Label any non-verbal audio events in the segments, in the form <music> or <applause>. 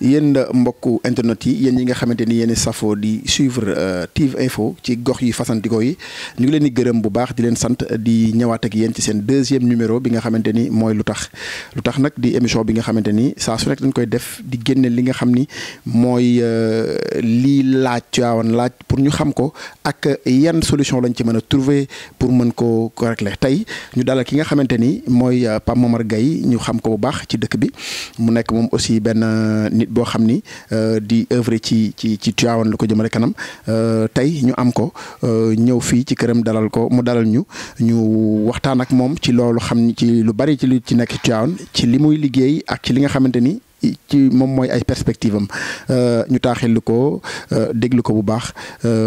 yéen mbokku internet yi yéen ñi nga xamante ni safo di suivre euh, TV Info ci gox yu fasantikoo yi ñu ngi leen di gërëm bu baax di leen sant di ñëwaat ak yéen ci seen deuxième numero bi nga xamante ni mooy lu tax lu tax nag di émission bi nga xamante ni su nekk dañ koy def di génne li nga xam ni mooy euh, lii laaj Tiwaawan pour ñu xam ko ak yan solution lañ ci mën trouver pour mën ko ko régler tey ñu dalal ki nga xamante ni mooy euh, Pape ñu xam ko bu baax ci dëkk bi mu nekk moom aussi Ben. boo xam ni euh, di œuvre ci ci ci Tivaouane lu ko jëmale kanam euh, tey ñu am ko euh, ñëw fii ci këram dalal ko mu dalal ñu ñu waxtaan ak moom ci loolu xam ni ci lu bari ci lu ci nekk Tivaouane ci li muy liggéey ak ci li nga xamante ni. ci moom mooy ay perspective am ñu taaxillu ko déglu ko bu baax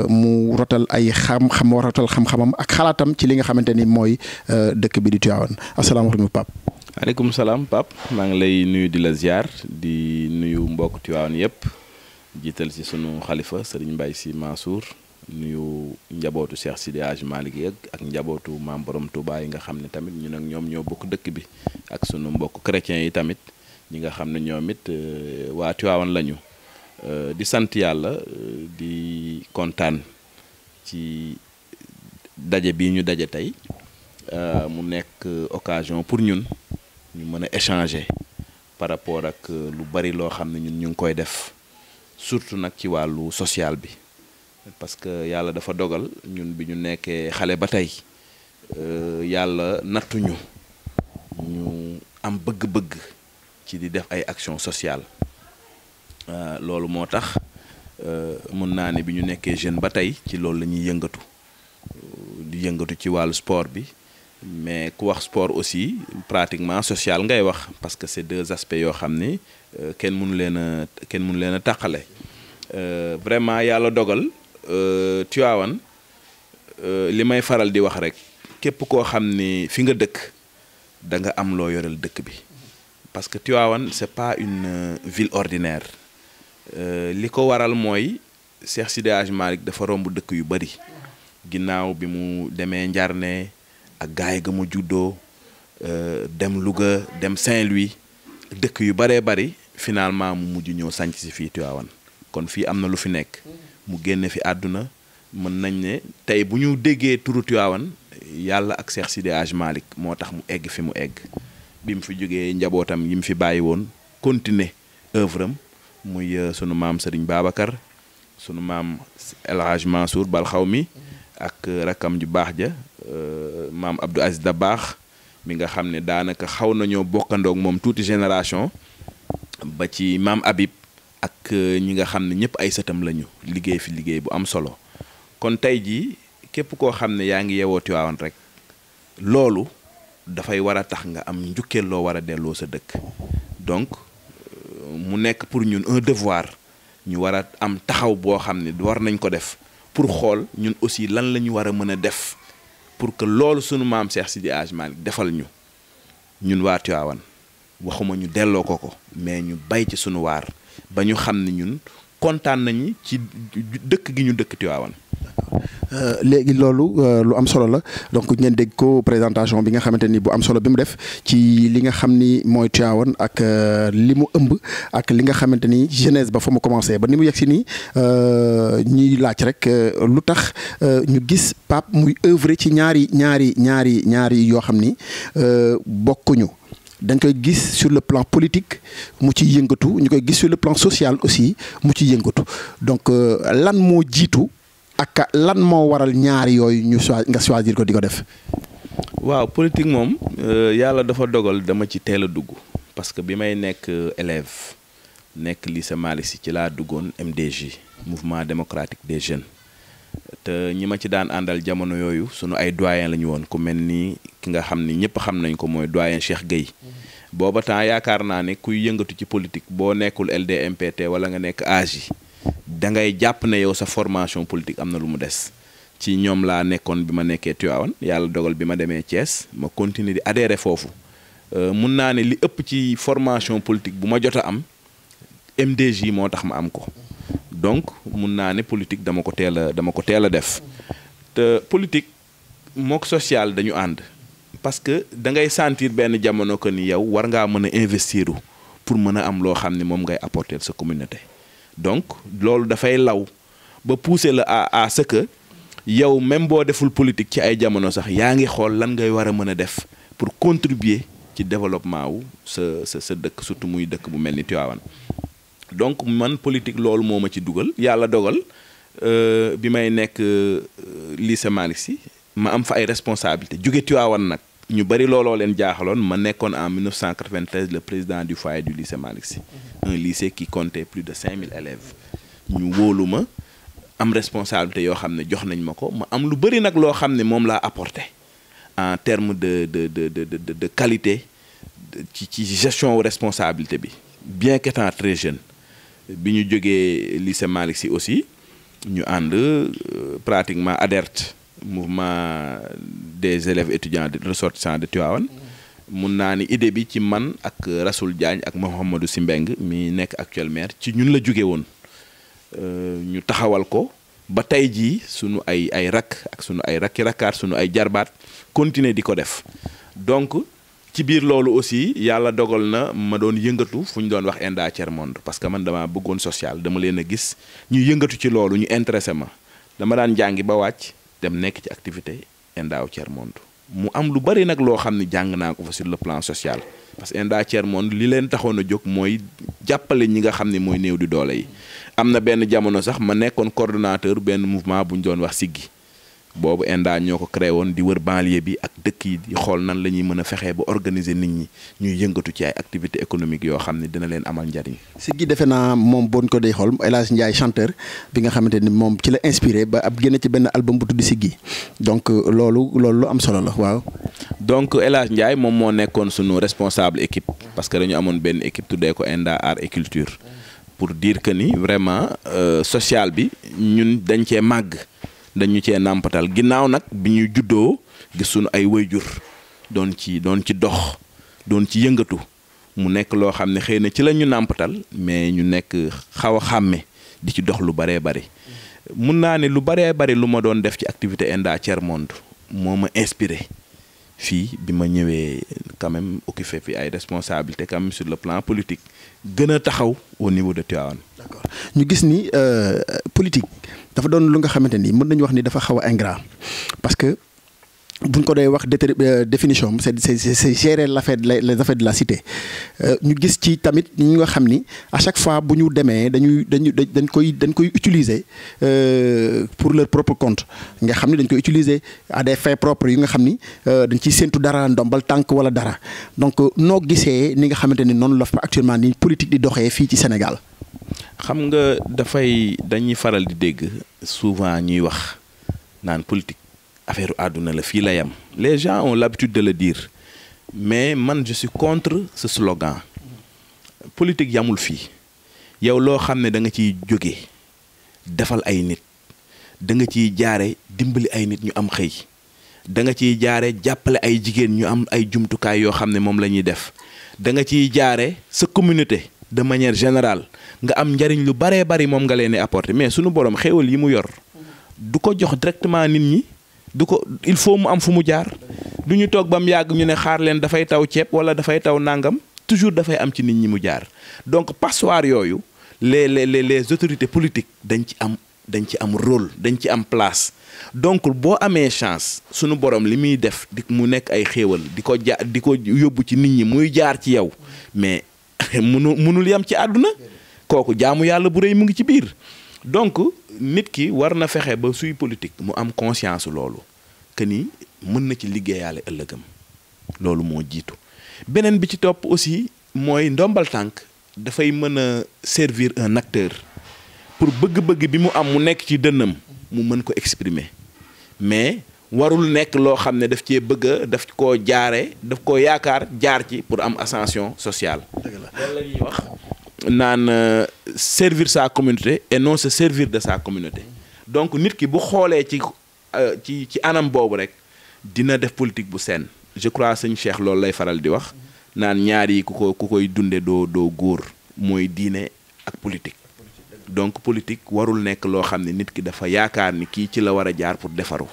mu rotal ay xam-xam rotal xam-xamam ak xalaatam ci li nga xamante ni mooy dëkk bi di Tivaouane asalaamaaleykum Pape aleykum salam. pap Manglay ngi lay nuyu di la ziar di nuyu mbokk Tiwaawan yépp jiital ci sunu xalifa sëriñ Mbaye Sy Mansour nuyu njabootu Cheikh Sidi Hadj Malick yeeg ak njabootu mamborom borom Touba yi nga tamit ñun ak ñoom ñoo bokk dëkk bi ak sunu mbokk chrétiens yi tamit ñi nga xam ne ñoom it euh, lañu euh, di sant yàlla euh, di kontan ci daje bi ñu daje tey mu nekk occasion pour ñun ñu mën a échanger par rapport ak euh, lu bari loo xam ne ñun ñu ngi koy def surtout nag ci wàllu sociale bi parce que yàlla dafa dogal ñun bi ñu nekkee xale ba tey euh, yàlla nattuñu ñu am bëgg-bëgg ci di def ay action sociale euh, loolu moo tax mën naa ne bi ñu nekkee jeune ba tey ci loolu la ñuy yëngatu di yëngatu ci wàllu sport bi mais ku wax sport aussi pratiquement social ngay wax parce que c'est deux aspects yoo xam ni euh, kenn munu leen a kenn munu leen a tàqale euh, vraiment yàlla dogal euh, Tivaouane li may faral di wax rek képp koo xam ni fi nga dëkk da nga am loo yoral dëkk bi parce que Tivaouane c'est pas une ville ordinaire li ko waral mooy Cheikh Sidi Hadj Malick dafa romb dëkk yu bari ginnaaw bi mu demee Njarne ak gaay ga mu juddoo euh, dem Louga dem Saint-Louis dëkk yu baree bari finalement mu mujj ñëw sànc si fii Tivaouane kon fii am lu fi nekk mu génne fi àdduna mën nañ ne tey bu ñu turu Tivaouane yalla ak Cheikh Sidi Hadj Malick moo mu egg fi mu egg bi mu fi jógee njabootam yi fi bàyyi woon continuer œuvre muy euh, sunu mam Serigne Babacar sunu maam El Hadj Mansour ak euh, rakam ju ja Euh, maam Abdou Aziz baax mi nga xam ne daanaka xaw nañoo bokkandook moom tuuti génération ba ci maam Habib ak euh, ñi nga xam ne ñëpp ay sëtam lañu liggéey fi liggéey bu am solo kon tey jii képp koo xam ne yaa ngi yeewoo Tiwaawan rek loolu dafay war a tax nga am njukkeel loo war a delloo sa dëkk donc euh, mu nekk pour ñun un devoir ñu war a am taxaw boo xam ne war nañ ko def pour xool ñun aussi lan la ñu war a mën a def pour que loolu sunu maam Cheikh Sidi Hadj Malick defal ñu ñun waa Tiwaawan waxuma ñu delloo ko ko mais ñu bay ci sunu waar ba ñu xam ni ñun kontaan nañu ci dëkk gi ñu dëkk Tiwaawan Les euh, lolu euh, lu donc dégg présentation bi nga bu am solo def ci ak commencé euh, gis pap muy ci ñaari ñaari ñaari ñaari sur le plan politique mu gis sur le plan social aussi mu donc lan ak lan moo waral ñaari yooyu ñu choisir nga choisir ko di ko def. waaw politique moom euh, yàlla dafa dogal dama ci teel a dugg parce que bi may nekk euh, élève nekk li Malick Sy ci laa duggoon MDJ mouvement démocratique des jeunes te ñi ma ci daan àndal jamono yooyu sunu ay doyen la ñu woon ku mel ni ki nga xam ni ñëpp xam nañ ko mooy doyen Cheikh Gueye mm-hmm. booba temps yaakaar naa ne kuy yëngatu ci politique boo nekkul LDMPT wala nga nekk AJ da ngay jàpp ne yow sa formation politique am na lu mu des ci ñoom laa nekkoon bi ma nekkee Tivaouane yàlla dogal bi ma demee cees ma continuer di adhérer foofu euh, mun naa ne li ëpp ci formation politique bu ma jot a am MDJ moo tax ma am ko donc mun naa ne politique dama ko teel a dama ko teel a def te politique mook sociale dañu ànd parce que da ngay sentir benn jamono ko ni yow war ngaa mën a investir pour mën a am loo xam ne moom ngay apporter sa communauté. donc loolu dafay law ba pousser la à à ce que yow même boo deful politique ci ay jamono sax yaa ngi xool lan ngay war a mën a def pour contribuer ci développement wu sa sa sa dëkk surtout muy dëkk bu mel ni Tivaouane donc man politique loolu moo ma ci dugal yàlla dogal euh, bi may nekk euh, lycée Malick Sy ma am fa ay responsabilité jóge Tivaouane nag ñu bari looloo leen jaaxaloon ma nekkoon en 1993 le président du foyer du lycée Malick mhm. un lycée qui comptait plus de 5000 élèves Nous avons ma am responsabilité yoo xam ne jox nañ ma ko am lu apporté en termes de de de de de qualité ci gestion responsabilité bien qu'étant très jeune bi ñu jógee lycée Malick aussi ñu ànd euh, pratiquement adherte mouvement des élèves étudiants ressortissants de Tivaouane Mon naa idebi idée bi man ak Rasoul Diagne ak Mouhamadou Simbeng mi nek actuel maire ci ñun la won euh ñu taxawal ko ba tay ji sunu ay ay rak, ak suñu ay rak rakar suñu ay jarbat, continuer di def donc ci biir loolu aussi yàlla dogal na ma doon yëngatu fu ñu doon wax inda Monde parce que man dama bëggoon social dama leen a gis ñu yëngatu ci loolu ñu intéressé ma dama daan jàngi ba dem nekk ci activité Enda Tiers mu am lu bari nag loo xam ne jàng naa ko fa sur le plan social parce que Enda Tiers Monde li leen taxoon a jóg mooy jàppale ñi nga xam ne mooy néew di doole yi am na benn jamono sax ma nekkoon cordonateur benn mouvement bu ñu doon wax siggi bobu Enda ñoko ko créé woon di wër banlieue bi ak dëkk yi di xool nan lañuy mëna fexé a ba organiser nit ñi ñuy yëngatu ci ay activité économique yo xamni dina leen amal njariñ ci gi defe naa moom bon ko day xol El Hadj chanteur bi nga xamanté ni mom ci la inspiré ba ab génné ci benn album bu tuddi ci gi donc euh, lolu lolu am solo la waaw donc El Hadj mom mo moo nekkoon suñu responsable équipe parce que dañu amone benn équipe tuddee ko Enda art et culture pour dire que ni vraiment euh, social bi ñun dañ ci mag dañu cee nàmpatal ginnaaw nag bi ñuy juddoo gis suñu ay wayjur doon ci doon ci dox doon ci yëngatu mu nekk loo xam ne xëy na ci la ñu nàmpatal mais ñu nekk xaw a xàmme di ci dox lu baree bari mun naa ne lu baree bari lu ma doon def ci activité ENDA Tiers Monde moo ma inspiré fii bi ma ñëwee quand même occupé fi ay responsabilité quand sur le plan politique gën a taxaw au niveau de Tivaouane. ñu gis ni euh, politique. dafa doon lu nga xamante ni mën nañu wax ni dafa xaw a ingrat parce que buñ ko doy wax euh, définition c'est c'est c'est gérer l'affaire les affaires de la cité euh, ñu gis ci tamit ñu nga xam ni à chaque fois bu ñu demee dañuy dañu dañ koy dañ koy utiliser euh, pour leur propre compte nga xam ni dañ koy utiliser à des fins propres yu nga xam ni dañ ci séntu dara ndombal tànk wala dara donc noo gisee ni nga xamante ni noonu la fa actuellement ni politique di doxee fii ci Sénégal xam nga dafay dañuy faral di dégg souvent ñuy wax naan politique affaire àdduna la fii la yam les gens ont l'habitude de le dire mais man je suis contre ce slogan politique yamul fii yow loo xam ne da nga ciy jóge defal ay nit da nga ciy jaare dimbali ay nit ñu am xëy danga ciy jaare jàppale ay jigéen ñu am ay jumtukaay yoo xam ne moom la ñuy def da nga ciy jaare sa communauté de manière générale nga am njariñ lu baree bari moom nga leen di apporter mais suñu borom xéewal yi mu yor du ko jox directement nit ñi du ko il faut mu am fu mu jaar du ñu toog ba mu yàgg ñu ne xaar leen dafay taw ceeb wala dafay taw nangam toujours dafay am ci nit ñi mu jaar donc passoire yooyu les les les autorités politiques dañ ci am dañ ci am rôle dañ ci am place donc boo amee chance sunu borom li muy def di mu nekk ay xéewal di ko ja di ko yóbbu ci nit ñi muy jaar ci yow mais <laughs> munu munul yam ci àdduna bu donc nit ki war na ba politique mu am conscience lolu. que ni mën na ci liggéeyaale ëllëgam lolu mo jitu benen bi ci top aussi moy ndombal tank da servir un acteur pour bëgg-bëgg bi mu am mu nekk ci exprimer mais warul ne daf cee bëgg daf koo jaare daf koo ci pour am ascension sociale nan euh, servir sa communauté et non se servir de sa communauté donc nit ki bu xolé ci euh, ci ci anam bobu rek dina def politique bu sen je crois seigne Cheikh lolou lay faral di wax nan ñaar yi ku ku koy dundé do do goor moy diine ak politique donc politique warul nek lo xamni nit ki dafa yaakaar ni ki ci la wara jaar pour defaru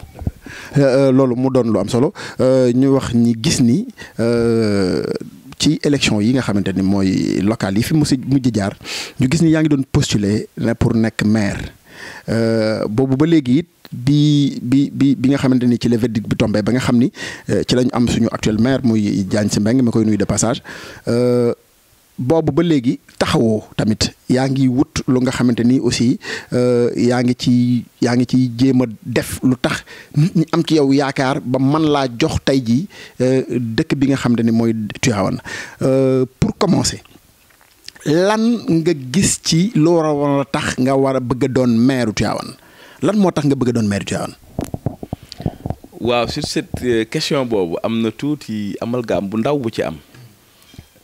euh, lolou mu don lu am solo ñu wax ni gis ni ci élection yi nga xamanteni moy local yi fi mu si mujj jaar ñu gis ni yaa ngi doon postuler ne pour nek maire euh bobu ba léegi bi bi bi bi nga xamanteni ci le verdict bi tombé ba nga xamni euh, ci lañu am suñu actuel maire muy Diagne Sy Mbengue ma koy nuyu de passage. euh boobu ba léegi taxawoo tamit yaa ngi wut lu nga xamante ni aussi euh, yaa ngi ci yaa ngi ci jéem a def lu tax ñi am ci yow yaakaar ba man laa jox tey jii euh, dëkk bi nga xamante ni mooy Tivaouane euh, pour commencer lan nga gis ci lu war a war a tax nga war a bëgg doon maire Tivaouane lan moo tax nga bëgg doon maire Tivaouane. waaw sur cette question boobu am na tuuti amalgame bu ndaw bu ci am.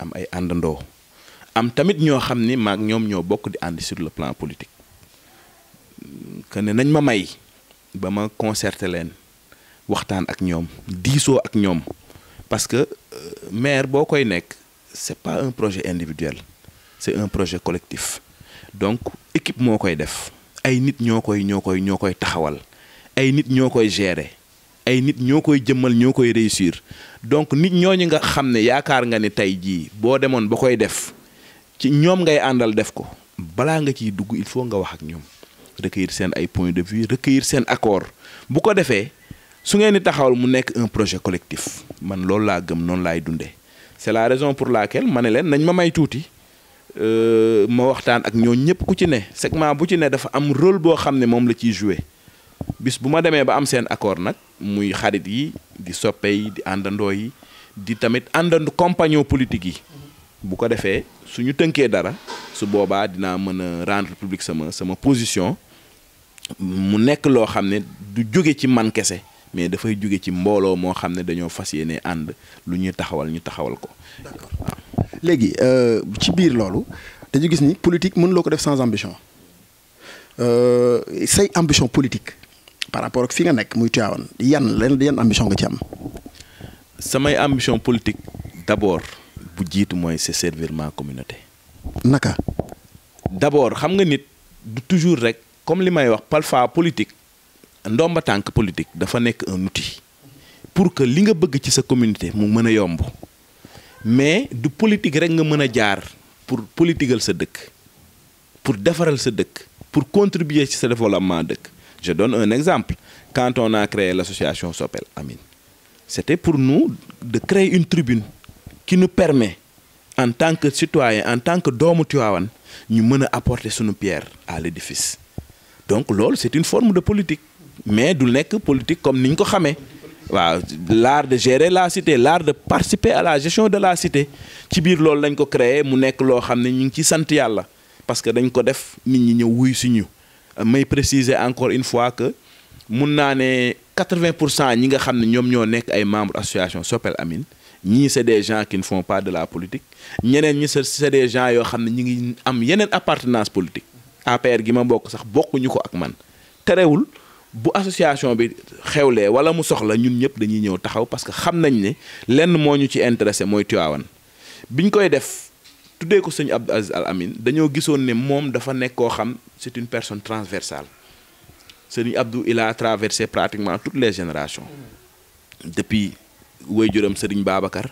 am ay andando am tamit ñoo xamni ni ñom ñoom ñoo bokk di ànd sur le plan politique que ne nañ ma may ba ma concerter len waxtaan ak ñom diso ak ñom parce que euh, maire bokoy nek c'est pas un projet individuel c'est un projet collectif donc équipe mo koy def ay nit ñoo koy ñoo koy ñoo koy taxawal ay nit ñoo koy gérer ay nit ñokoy jëmmal ñokoy réussir donc nit ñooñu nga xamné yaakar nga ni tay ji bo demoon bakoy def ci ñom ngay andal def ko bala nga ci dugg il faut nga wax ak ñom recueillir sen ay point de vue recueillir sen accord bu ko defee su ngeen ni taxawal mu nekk un projet collectif man lool la gëm non lay dundé c'est la raison pour laquelle ma ne nañ ma may euh ma waxtaan ak ñoo ñëpp ku ci né segment bu ci né dafa am rôle bo xamné mom la ci jouer bis bu ma demee ba am seen accord nag muy xarit yi di soppe yi di àndandoo yi di tamit àndandu compagnon politique yi bu ko defee suñu tënkee dara su boobaa dinaa mën a rendre publique sama sama position mu nekk loo xam ne du jóge ci man kese mais dafay jóge ci mbooloo moo xam ne dañoo fas yéene ànd lu ñuy taxawal ñu taxawal ko. d'accord waaw léegi euh, ci biir loolu dañu gis ni politique mën loo ko def sans ambition euh, say ambition politique. par rapport ak fi nga nekk muy Tivaouane yan leen yan ambition nga ci am. samay ambition politique d'abord bu jiitu mooy c'est servir ma communauté. naka. d'abord xam nga nit du toujours rek comme li may wax parfois politique ndomba tànk politique dafa nekk un outil pour que li nga bëgg ci sa communauté mu mën a yomb mais du politique rek nga mën a jaar pour politigal sa dëkk pour defaral sa dëkk pour contribuer ci sa développement dëkk. Je donne un exemple. Quand on a créé l'association Sopel Amine, c'était pour nous de créer une tribune qui nous permet, en tant que citoyen, en tant que Domo nous nous apporter nos pierre à l'édifice donc c'est une forme de politique mais du une politique comme nous l'art de gérer la cité l'art de participer à la gestion de la cité ci l'ol loolu créer mu parce que nous def mais préciser encore une fois que mon 80 pour cent ñi nga xam ne ñoom ñoo ay membres association Sopel Amin, ñii c'est des gens qui ne font pas de la politique ni ñi c'est des gens qui ont ne ngi am appartenance politique APR gi ma bokk sax bokkuñu ko ak man bu association bi xewlé wala mu soxla ñun ñëpp dañuy ñëw taxaw parce que xam nañ ne lenn moo ci intéressé moy Tivaouane biñ koy def. Tout ko Seigneur Abdou Aziz Al Amin dañoo gissone dafa c'est une personne transversale Seigneur Abdou il a traversé pratiquement toutes les générations depuis waajuram Seigneur Babacar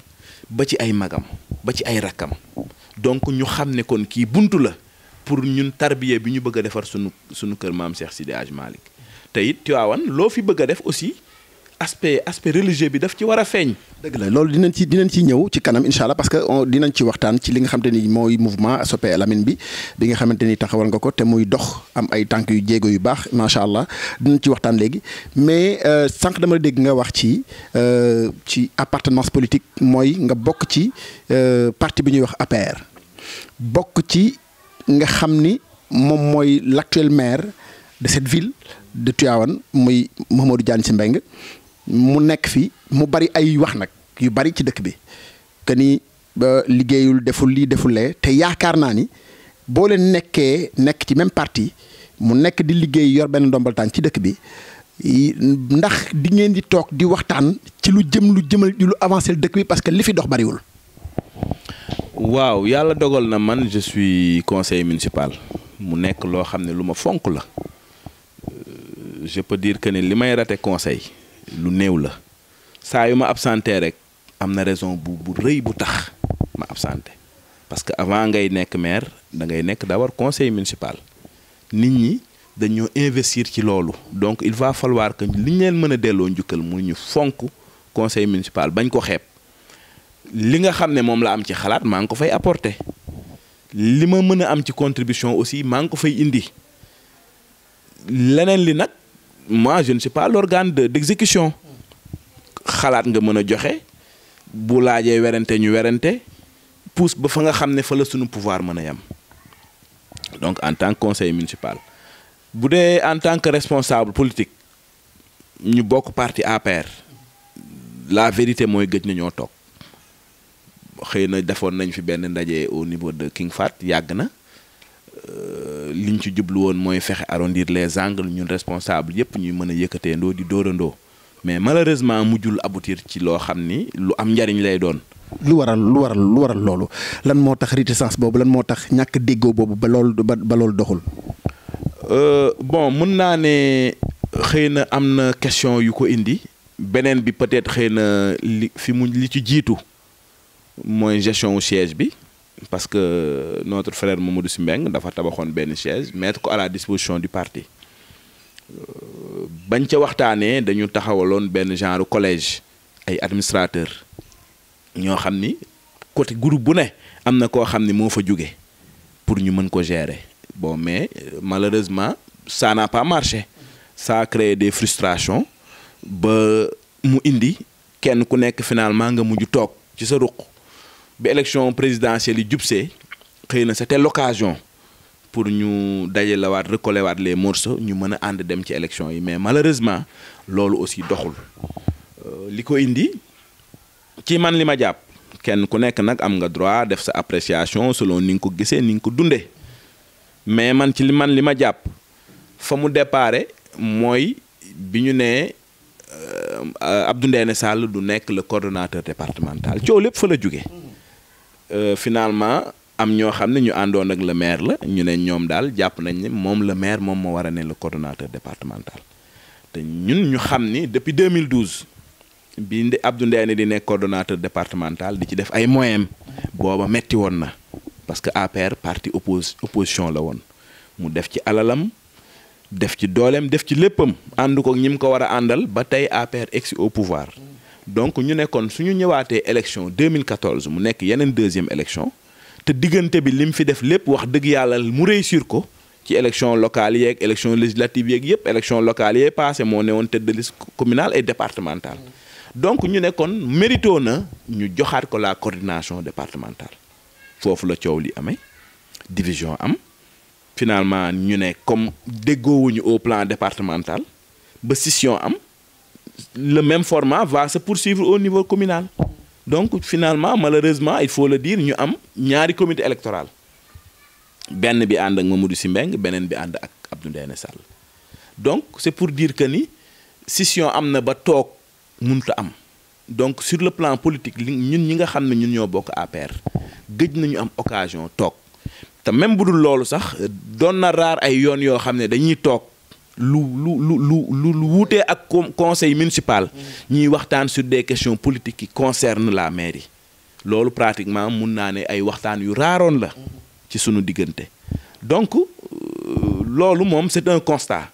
ba ci ay magam ba ci ay donc nous xamné kon ki buntu la pour ñun tarbiyé bi bëgg a suñu suñu kër Cheikh aussi. aspect aspect religieux bi daf ci wara a deug la lolou dinañ ci dinañ ci ñew ci kanam inshallah parce que dinañ ci waxtaan ci li nga xamanteni moy mouvement Sopé Lamine bi bi nga xamanteni taxawal nga ko té muy dox am ay tank yu djégo yu bax macha dinañ ci waxtaan légui mais euh, sank dama dégg nga wax ci euh, ci appartenance politique moy nga bok ci euh, parti bi ñuy wax APR bok ci nga xamni mom moy l'actuel maire de cette ville de Tivaouane muy Mamadou Diagne Sy mu nek fi mu bari ay wax nak yu bari ci dëkk bi que ni liggéeyul deful lii defulee te yaakaar naa ni boo leen nekkee nekk ci même parti mu nekk di liggéey yor benn ndombal tànk ci dëkk bi ndax di ngeen di toog di waxtaan ci lu jëm lu jëmal lu avancé dëkk bi parce que li fi dox bariwul. waaw yàlla dogal na man je suis conseil municipal mu nekk loo xam ne lu ma fonk la euh, je peux dire que ne li may raté conseil lu néew la saa yu ma absenté rek am na raison bu bu rëy bu tax ma absenté parce que avant ngay nekk maire da ngay nekk conseil municipal nit ñi dañoo investir ci loolu donc il va falloir que li ñu leen mën a delloo njukkal ñu fonk conseil municipal bañ ko xeeb li nga xam ne moom la am ci xalaat maa ngi ko fay apporter li ma mën a am ci contribution aussi maa ngi ko fay indi leneen li nag moi je ne sais pas l'organe d'exécution Khalat nga mën a joxe bu laajee werante ñu werante pousse ba fa nga xamné ne fa la suñu pouvoir mën yam donc en tant que conseil municipal en tant que responsable politique ñu bokk parti APR la vérité moy gëj na tok xeyna defon nañ fi ben ndaje au niveau de King Fat, Yagna. Euh, liñ ci jublu woon mooy fexe arrondir les angles ñun responsables yépp ñuy mën a yëkkateendoo di dóorandoo mais malheureusement jul aboutir ci loo xam ni lu am njariñ lay doon. lu waral lu waral lu waral loolu lan moo tax réticence boobu lan moo tax ñàkk déggoo boobu ba loolu ba loolu doxul. Euh, bon mën naa ne xëy na am na question yu ko indi beneen bi peut-être xëy na li fi mu li ci jiitu mooy gestion wu siège bi. parce que notre frère Mamadou Simbeng dafa tabaxoon benn chaise mettre ko à la disposition du parti bañ ca waxtaanee dañu taxawaloon benn genre collège ay administrateurs ñoo xam ni côté groupe bu ne am un koo xam ni moo fa pour ñu mën ko gérer bon mais euh, malheureusement ça n'a pas marché ça a créé des frustrations ba mu indi kenn ku nekk finalement nga mujj toog ci sa ruq bi élection présidentielle yi jubsee xëy na c'était l'occasion pour ñu dajalewaat recoller waat les morceaux ñu mën a ànd dem ci élection yi mais malheureusement loolu aussi doxul euh, li ko indi ci man li ma jàpp kenn ku nekk nag am nga droit def sa appréciation selon ni nga ko gisee ni nga ko dundee mais man ci li man li ma jàpp fa mu dépare mooy bi ñu nee euh, dundee Ndéné Sall du nekk le coordonnateur départemental coow lépp fa la jóge Euh, finalement am ñoo xam ñu andon ak le maire la ñu ne ñoom daal jàpp nañ ni mom le maire mom mo wara né le coordonnateur départemental té ñun ñu xamni depuis 2012 bi ndi Abdou Ndéné di né coordonnateur départemental di ci def ay moyens boba metti woon na parce que APR parti oppos opposition la won mu def ci alalam def ci dolem def ci leppam ànd ko ñi ko wara andal ba tay APR exi au pouvoir donc ñu nous suñu eu élection 2014 mu nekk une deuxième élection te avons bi lim fi def lépp wax de yalla mu réussir ko ci élection locale l'élection élection législative l'élection élection locale yé passé moo néwon tête de liste communale et départementale donc ñu avons mérito na ñu ko la coordination départementale Faut la coow li amee division am finalement ñu né comme déggoowuñu au plan départemental ba scission am le même format va se poursuivre au niveau communal donc finalement malheureusement il faut le dire ñu am ñaari comité électoral benn bi and ak Mamadou Sy benen bi and ak Abdou Ndéné Sall donc c'est pour dire que ni scission am ba tok am donc sur le plan politique nous ñun ñi nga xamné ñun ñoo bokk APR gëj nañu am occasion tok. Ta même bu lolu sax doon na raar ay yoon yo xamné dañuy lu lu ak conseil municipal. ñi waxtaan sur des questions politiques qui concernent la mairie. lolu pratiquement mun naa ne ay waxtaan yu raaroon la. ci sunu digënté donc euh, lolu mom c'est un constat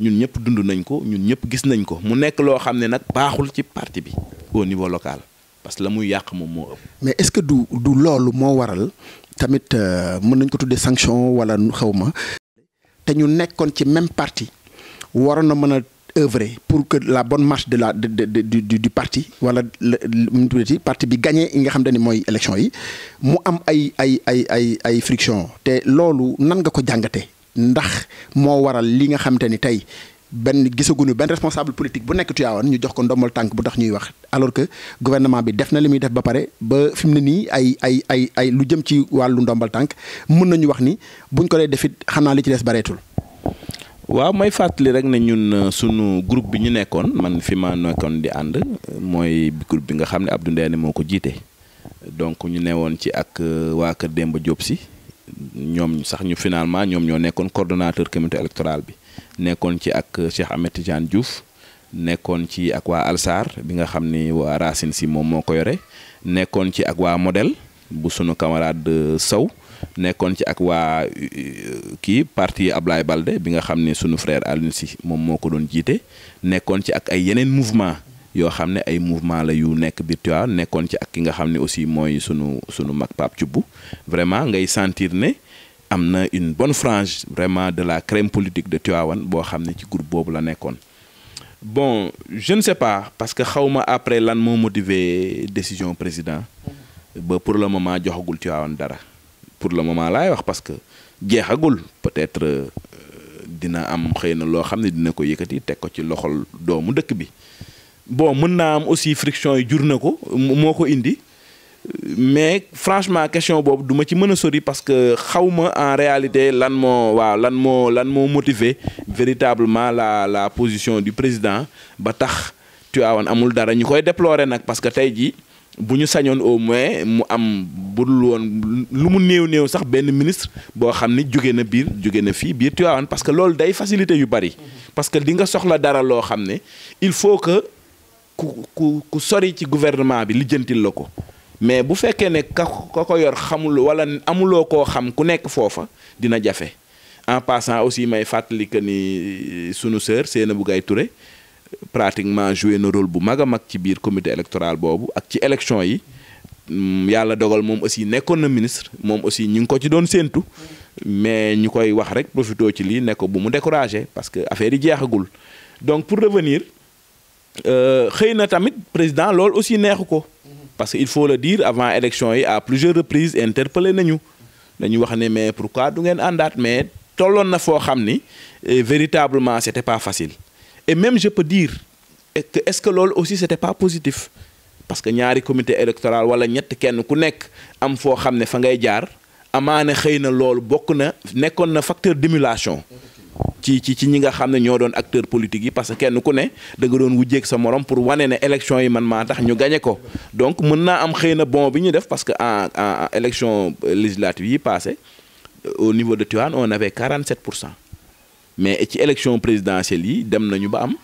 ñun ñëpp dund nañ ko ñun ñëpp gis nañ ko mu nekk lo xamné nak nag baaxul ci parti bi au niveau local parce que la yaq mom mo ëpp. mais est-ce que du du lolu mo waral tamit euh, mën nañ ko tuddee sanction wala xawma té ñu nekkon ci même parti waroon na mën œuvrer pour que la bonne marche de la de de du du du parti wala mu parti bi gagné yi nga xam ne moy élection yi mu am ay ay ay ay ay friction té lolu nan nga ko jangaté ndax mo waral li nga xam te ni tey benn gisaguñu responsable politique bu nekk Tivaouane ñu jox ko ndombal tank bu tax ñuy wax alors que gouvernement bi def na limuy def ba paré ba fi ni ay ay ay ay lu jëm ci walu ndombal tank mën nañu wax ni buñ ko lay defit xana li ci dess barétul waaw may fàttali rek ne ñun euh, sunu groupe bi ñu nekkoon man fi ma nekkoon di ànd mooy groupe bi nga xam ne Abdou Ndéné moo ko jiite donc ñu ne woon ci ak euh, waa kër Demba Diop si ñoom sax ñu finalement ñoom ñoo nekkoon coordonnateur comité électoral bi nekkoon ci ak euh, Cheikh Ahmed Tidiane Diouf nekkoon ci ak waa Alsar bi nga xam ni waa si moom moo ko yore nekkoon ci ak waa model bu sunu camarade Sow nekkoon ci ak waa euh, kii parti Ablaye Balde bi nga xam ne sunu frère Alioune Sy moom moo ko doon jiite nekkoon ci ak ay yeneen mouvement yoo xam ne ay mouvement la yu nekk biir Tivaouane nekkoon ci ak ki nga xam aussi mooy sunu sunu mag Pape Thioub vraiment ngay sentir ne am une bonne frange vraiment de la crème politique de Tivaouane boo xam ne ci groupe boobu la nekkoon bon je ne sais pas parce que xawma après lan moo motiver décision président ba pour le moment joxagul Tivaouane dara pour le moment là parce que peut-être euh, dina am dina ko ko ci loxol doomu bon mën aussi friction indi mais franchement question bob, du ma ci how parce que en réalité lan qui wa lan véritablement la la position du président ba tax amul dara parce que tay dit bu ñu au moins mu am budul woon lu mu néew néew sax ben ministre bo xamni ni na biir jóge na bir biir as, parce que lool day facilité yu bari. parce que di nga soxla dara lo xamné il faut que ku ku ku sori ci gouvernement bi lijjantil lako mais bu fekkee ne koko yor xamul wala amulo ko xam ku nekk fofa dina jafé en passant aussi may fatali que ni euh, sunu sœur Seynabou Gaye Touré pratiquement joué un rôle bu mag mag ci biir comité électoral bobu ak ci élection yi mm, yalla dogal mom aussi nekkoon na ministre mom aussi ñu ko ci doon sentu mais ñukoy wax rek profito ci li ne bu mu décourager parce que affaire yi jeexagul donc pour revenir euh xeyna tamit président l'ol aussi neexu ko parce que il faut le dire avant élection yi à plusieurs reprises interpellé nañu dañu wax ne mais pourquoi du ngeen andat mais tolloon na fo xamni euh, véritablement c'était pas facile et même je peux dire que est-ce que l'ol aussi c'était pas positif parce que ñaari comité électoral wala ñett kenn ku nekk am fo xamné fa ngay jaar amaane xeyna lool bokuna bokk na facteur d'émulation ci ci ci ñi nga xamné ne ñoo doon acteur politique yi parce que kenn ku ne da nga doon sa morom pour wané né élection yi man ma tax ñu gagné ko donc mën na am xeyna bon bi ñu def parce que en en élection législative yi passé au niveau de Tuan on avait 47 mais ci élection présidentielle yi dem nañu ba am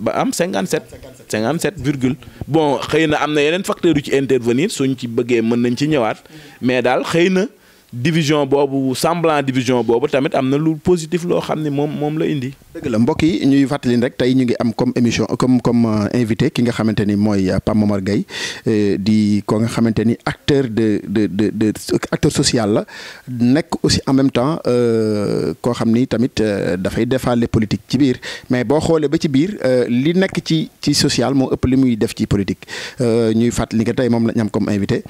ba am 57 57 virgule bon xeyna amna yenen facteur ci intervenir suñ ci bëggee mën nañ ci ñëwaat mais daal xeyna division bobu semblant division bobu tamit amna lu positif lo xam mom mom la indi. deug la mbokk yi ñuy fatali rek tay ñu ngi am comme émission comme comme euh, invité ki nga xamanteni moy mooy euh, Pape Momar Gueye euh, di ko nga xamanteni acteur de de de de acteur social la nek aussi en même temps euh ko xamni tamit da fay dafay les politiques ci bir mais bo xolé ba ci bir li nek ci ci social mo ëpp li muy def ci politique ñuy fatali nga tay mom la ñam comme invité.